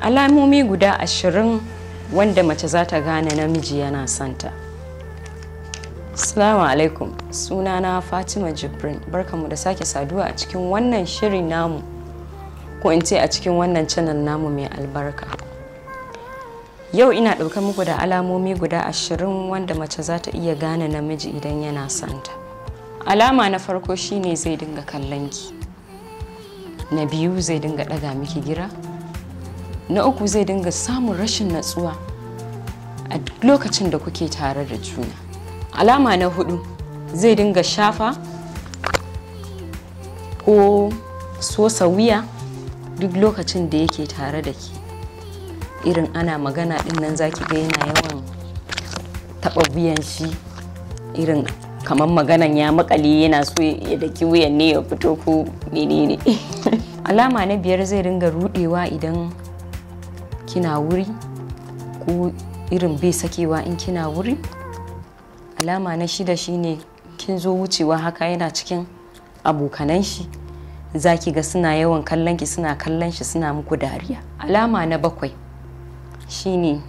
alamomi guda ashirin wanda mace za ta gane namiji yana santa salamu alaikum sunana Fatima Jibrin barkamu da sake saduwa a cikin wannan shirin namu ko in ce a cikin wannan channel namu mai albarka yau ina ɗaukar muku da alamomi guda ashirin wanda mace za ta iya gane namiji idan yana santa alama na farko shine zai dinga kallon ki na biyu zai dinga ɗaga miki gira na uku zai dinga samun rashin natsuwa a lokacin da kuke tare da juna alama na hudu zai dinga shafa ko sosa wuya duk lokacin da yake tare da ke irin ana magana din nan zaki ga yana yawan taba wuyan shi irin kamar maganan ya makale yana so ya daki wuyan ne ya fito ko menene alama na biyar zai dinga rudewa idan kina wuri ko irin bai sakewa in kina wuri alama na shida shine kin zo wucewa haka yana cikin abokanan shi za ki ga suna yawan kallon ki suna kallon shi suna muku dariya alama na bakwai shine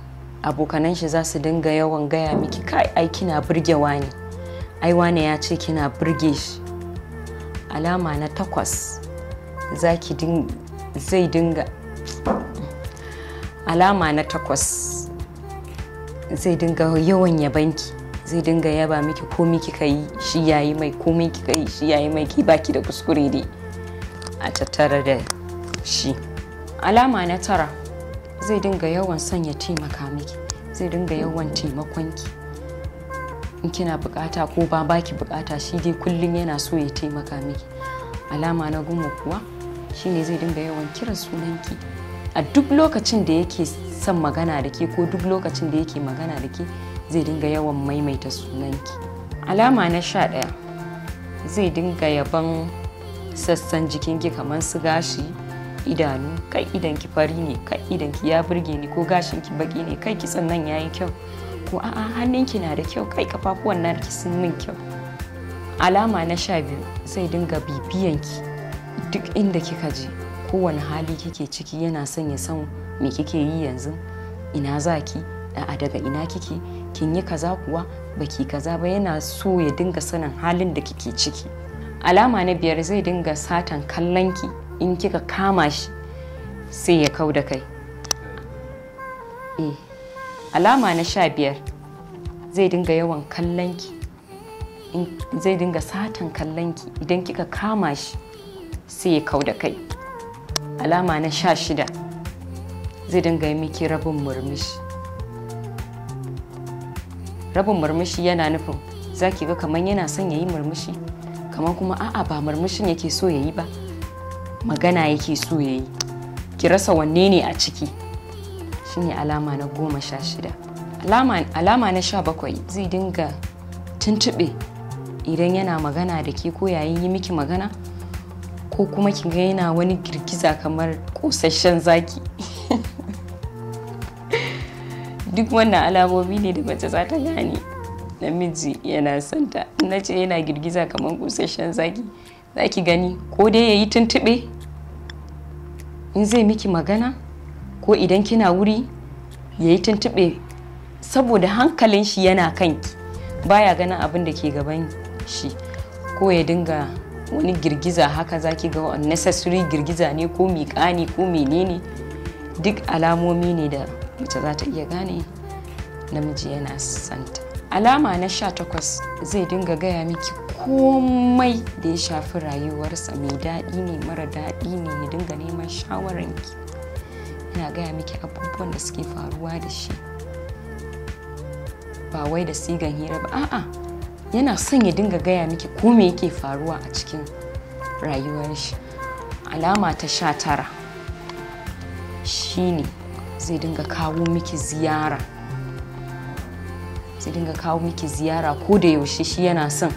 abokanan shi za su dinga yawan gaya miki kai ai kina burge wani ai wani ya ce kina burge shi alama na takwas zai dinga alama na takwas zai dinga yawan yabanki zai dinga yaba miki komi kika yi shi yayi mai komi kika yi shi yayi mai ki baki da kuskure ne a tattara da shi alama na tara zai dinga yawan sanya taimaka miki zai dinga yawan taimakonki in kina bukata ko ba baki bukata shi dai kullum yana so ya taimaka miki alama na goma kuwa shine zai dinga yawan kiran sunanki a duk lokacin da yake son magana da ke ko duk lokacin da yake magana da ke zai dinga yawan maimaita sunanki alama na sha ɗaya zai dinga yaban sassan jikinki kamar su gashi idanu kai idan ki fari ne kai idan ki ya burge ni ko gashin ki baki ne kai ki nan yayi kyau ko a'a ki na da kyau kai kafafuwan na ki sun min kyau alama na sha biyu zai dinga ki duk inda kika je kowane hali kike ciki yana son ya san me kike yi yanzu ina zaki a daga ina kike kin yi kaza kuwa baki kaza ba yana so ya dinga sanin halin da kike ciki alama na biyar zai dinga satan kallon in kika kama shi sai ya kau da kai e, alama na sha biyar zai dinga yawan kallon zai dinga satan kallon idan kika kama shi sai ya kau da kai alama na sha shida zai dinga yi miki rabin murmushi rabin murmushi yana nufin za ki ga kamar yana son ya yi murmushi kamar kuma a'a ba murmushin yake so ya yi ba magana yake so ya yi ki rasa wanne ne a ciki shine alama na goma sha shida alama na sha bakwai zai dinga tuntuɓe idan yana magana da ke ko yayin yi miki magana ko kuma ki ga yana wani girgiza kamar kosasshen zaki duk wannan alamomi ne da mace za ta gane namiji yana santa na ce yana girgiza kamar kosasshen zaki za ki gani ko dai ya yi tuntuɓe in zai miki magana ko idan kina wuri ya yi tuntuɓe saboda hankalin shi yana kanki baya ganin abin da ke gaban shi ko ya dinga wani girgiza haka zaki ga necessary girgiza ne ko miƙa ne ko menene duk alamomi ne da mace za ta iya gane namiji yana santa alama na sha takwas zai dinga gaya miki komai da ya shafi rayuwarsa mai daɗi ne mara daɗi ne ya dinga neman shawaranki yana gaya miki abubuwan da suke faruwa da shi ba wai da sigan hira ba a'a yana son ya dinga gaya miki ko me yake faruwa a cikin rayuwar shi alama ta sha tara shine zai dinga kawo miki ziyara zai dinga kawo miki ziyara ko da yaushe shi yana son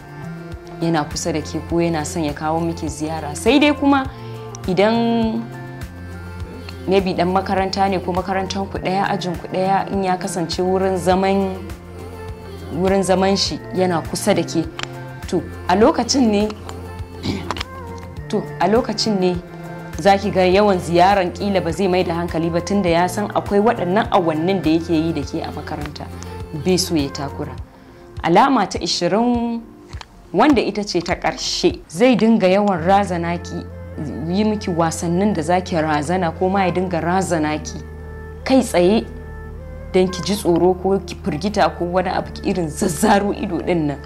yana kusa da ke ko yana son ya kawo miki ziyara sai dai kuma idan maybe dan makaranta ne ko makarantar ku daya ajin ku daya in ya kasance wurin zaman wurin zaman shi yana kusa da ke to a lokacin ne to a lokacin ne za ki ga yawan ziyaran kila ba zai mai da hankali ba tunda ya san akwai waɗannan awannin da yake yi da ke a makaranta bai so ya takura alama ta 20 wanda ita ce ta ƙarshe zai dinga yawan razana ki yi miki wasannin da zaki razana ko ma ya dinga razana ki kai tsaye don ki ji tsoro ko ki firgita ko wani abu irin zazzaro ido din nan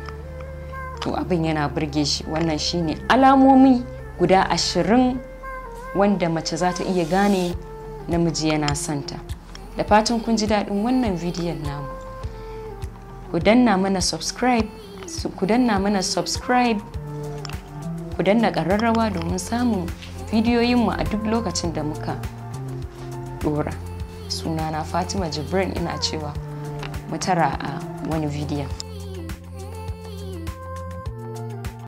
to abin yana burge shi wannan shine alamomi guda ashirin wanda mace za ta iya gane namiji yana santa da fatan kun ji daɗin wannan bidiyon namu ku danna mana subscribe ku danna mana subscribe ku danna ƙararrawa domin samun bidiyoyinmu a duk lokacin da muka ɗora. sunana fatima jibrin ina cewa mu tara a wani bidiyon